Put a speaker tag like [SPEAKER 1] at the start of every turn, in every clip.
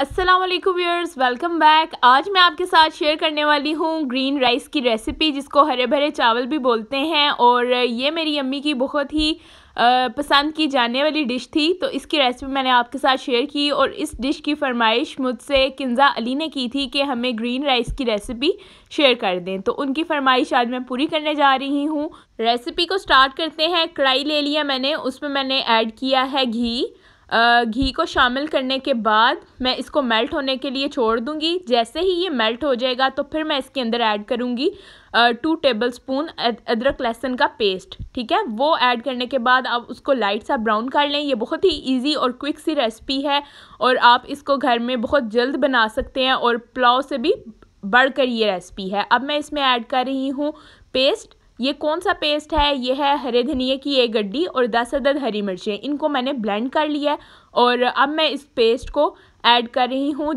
[SPEAKER 1] अस्सलाम वालेकुम viewers welcome back आज मैं आपके साथ शेयर करने वाली हूँ ग्रीन राइस की रेसिपी जिसको हरे भरे चावल भी बोलते हैं और ये मेरी अम्मी की बहुत ही पसंद की जाने वाली डिश थी तो इसकी रेसिपी मैंने आपके साथ शेयर की और इस डिश की फरमाइश मुझसे किन्जा अली ने की थी कि हमें ग्रीन राइस की रेसिपी शेयर कर दें तो उनकी फरमाइश आज मैं पूरी करने जा रही हूँ रेसिपी को स्टार्ट करते हैं कढ़ाई ले लिया मैंने उसमें मैंने ऐड किया है घी घी को शामिल करने के बाद मैं इसको मेल्ट होने के लिए छोड़ दूँगी जैसे ही ये मेल्ट हो जाएगा तो फिर मैं इसके अंदर ऐड करूँगी टू टेबल स्पून अदरक लहसुन का पेस्ट ठीक है वो ऐड करने के बाद आप उसको लाइट सा ब्राउन कर लें ये बहुत ही इजी और क्विक सी रेसिपी है और आप इसको घर में बहुत जल्द बना सकते हैं और पुलाव से भी बढ़कर ये रेसिपी है अब मैं इसमें ऐड कर रही हूँ पेस्ट ये कौन सा पेस्ट है ये है हरे धनिए की एक गड्डी और दस अदद हरी मिर्चें इनको मैंने ब्लेंड कर लिया है और अब मैं इस पेस्ट को ऐड कर रही हूँ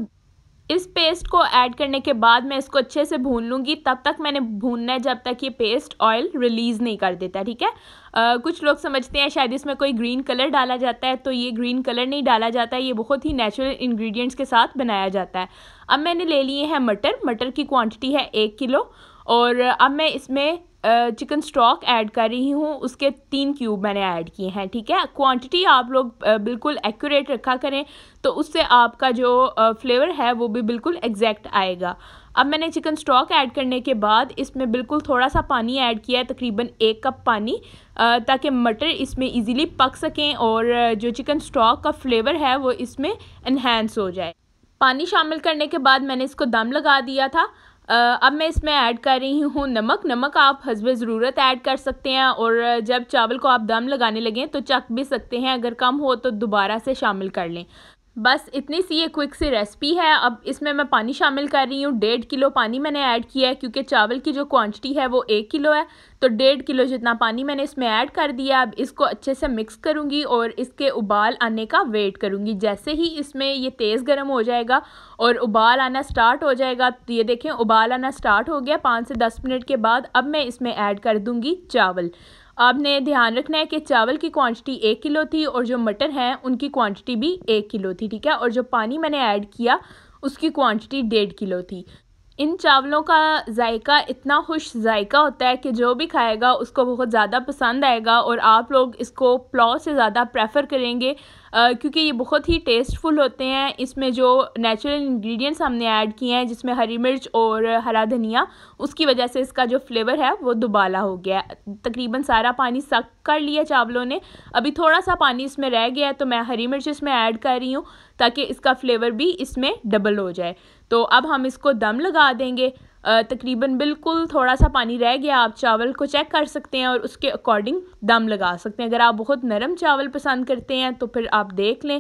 [SPEAKER 1] इस पेस्ट को ऐड करने के बाद मैं इसको अच्छे से भून लूँगी तब तक मैंने भूनना है जब तक ये पेस्ट ऑयल रिलीज़ नहीं कर देता ठीक है आ, कुछ लोग समझते हैं शायद इसमें कोई ग्रीन कलर डाला जाता है तो ये ग्रीन कलर नहीं डाला जाता है ये बहुत ही नेचुरल इंग्रेडिएंट्स के साथ बनाया जाता है अब मैंने ले लिए हैं मटर मटर की क्वान्टिटी है एक किलो और अब मैं इसमें चिकन स्टॉक ऐड कर रही हूँ उसके तीन क्यूब मैंने ऐड किए हैं ठीक है क्वांटिटी आप लोग बिल्कुल एक्यूरेट रखा करें तो उससे आपका जो फ्लेवर है वो भी बिल्कुल एग्जैक्ट आएगा अब मैंने चिकन स्टॉक ऐड करने के बाद इसमें बिल्कुल थोड़ा सा पानी ऐड किया है तकरीबन एक कप पानी ताकि मटर इसमें ईजीली पक सकें और जो चिकन स्टॉक का फ्लेवर है वो इसमें इन्हेंस हो जाए पानी शामिल करने के बाद मैंने इसको दम लगा दिया था अब मैं इसमें ऐड कर रही हूँ नमक नमक आप हजब ज़रूरत ऐड कर सकते हैं और जब चावल को आप दम लगाने लगें तो चख भी सकते हैं अगर कम हो तो दोबारा से शामिल कर लें बस इतनी सी ये क्विक सी रेसिपी है अब इसमें मैं पानी शामिल कर रही हूँ डेढ़ किलो पानी मैंने ऐड किया है क्योंकि चावल की जो क्वांटिटी है वो एक किलो है तो डेढ़ किलो जितना पानी मैंने इसमें ऐड कर दिया अब इसको अच्छे से मिक्स करूँगी और इसके उबाल आने का वेट करूँगी जैसे ही इसमें ये तेज़ गर्म हो जाएगा और उबाल आना स्टार्ट हो जाएगा तो ये देखें उबाल आना स्टार्ट हो गया पाँच से दस मिनट के बाद अब मैं इसमें ऐड कर दूँगी चावल आपने ध्यान रखना है कि चावल की क्वांटिटी एक किलो थी और जो मटर हैं उनकी क्वांटिटी भी एक किलो थी ठीक है और जो पानी मैंने ऐड किया उसकी क्वांटिटी डेढ़ किलो थी इन चावलों का जायका इतना खुश जायका होता है कि जो भी खाएगा उसको बहुत ज़्यादा पसंद आएगा और आप लोग इसको पुलाव से ज़्यादा प्रेफर करेंगे क्योंकि ये बहुत ही टेस्टफुल होते हैं इसमें जो नेचुरल इंग्रेडिएंट्स हमने ऐड किए हैं जिसमें हरी मिर्च और हरा धनिया उसकी वजह से इसका जो फ्लेवर है वो दुबाला हो गया तकरीबन सारा पानी सख्त कर लिया चावलों ने अभी थोड़ा सा पानी इसमें रह गया है तो मैं हरी मिर्च इसमें ऐड कर रही हूँ ताकि इसका फ्लेवर भी इसमें डबल हो जाए तो अब हम इसको दम लगा देंगे तकरीबन बिल्कुल थोड़ा सा पानी रह गया आप चावल को चेक कर सकते हैं और उसके अकॉर्डिंग दम लगा सकते हैं अगर आप बहुत नरम चावल पसंद करते हैं तो फिर आप देख लें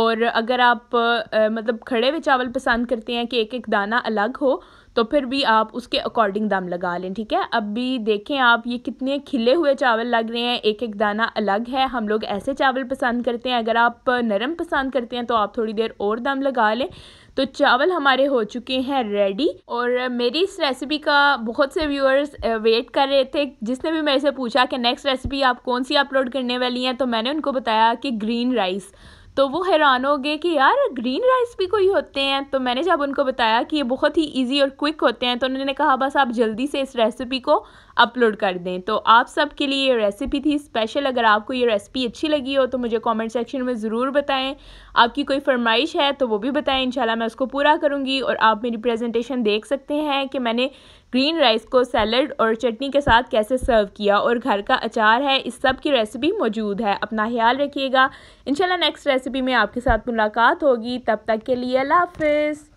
[SPEAKER 1] और अगर आप आ, मतलब खड़े हुए चावल पसंद करते हैं कि एक एक दाना अलग हो तो फिर भी आप उसके अकॉर्डिंग दाम लगा लें ठीक है अब भी देखें आप ये कितने खिले हुए चावल लग रहे हैं एक एक दाना अलग है हम लोग ऐसे चावल पसंद करते हैं अगर आप नरम पसंद करते हैं तो आप थोड़ी देर और दम लगा लें तो चावल हमारे हो चुके हैं रेडी और मेरी इस रेसिपी का बहुत से व्यूअर्स वेट कर रहे थे जिसने भी मेरे से पूछा कि नेक्स्ट रेसिपी आप कौन सी अपलोड करने वाली हैं तो मैंने उनको बताया कि ग्रीन राइस तो वो हैरान हो गए कि यार ग्रीन राइस भी कोई होते हैं तो मैंने जब उनको बताया कि ये बहुत ही इजी और क्विक होते हैं तो उन्होंने कहा बस आप जल्दी से इस रेसिपी को अपलोड कर दें तो आप सब के लिए ये रेसिपी थी स्पेशल अगर आपको ये रेसिपी अच्छी लगी हो तो मुझे कमेंट सेक्शन में ज़रूर बताएं आपकी कोई फरमाइश है तो वो भी बताएं इंशाल्लाह मैं उसको पूरा करूँगी और आप मेरी प्रेजेंटेशन देख सकते हैं कि मैंने ग्रीन राइस को सैलड और चटनी के साथ कैसे सर्व किया और घर का अचार है इस सब की रेसिपी मौजूद है अपना ख्याल रखिएगा इंशाल्लाह नेक्स्ट रेसिपी में आपके साथ मुलाकात होगी तब तक के लिए अल्लाह हाफिज़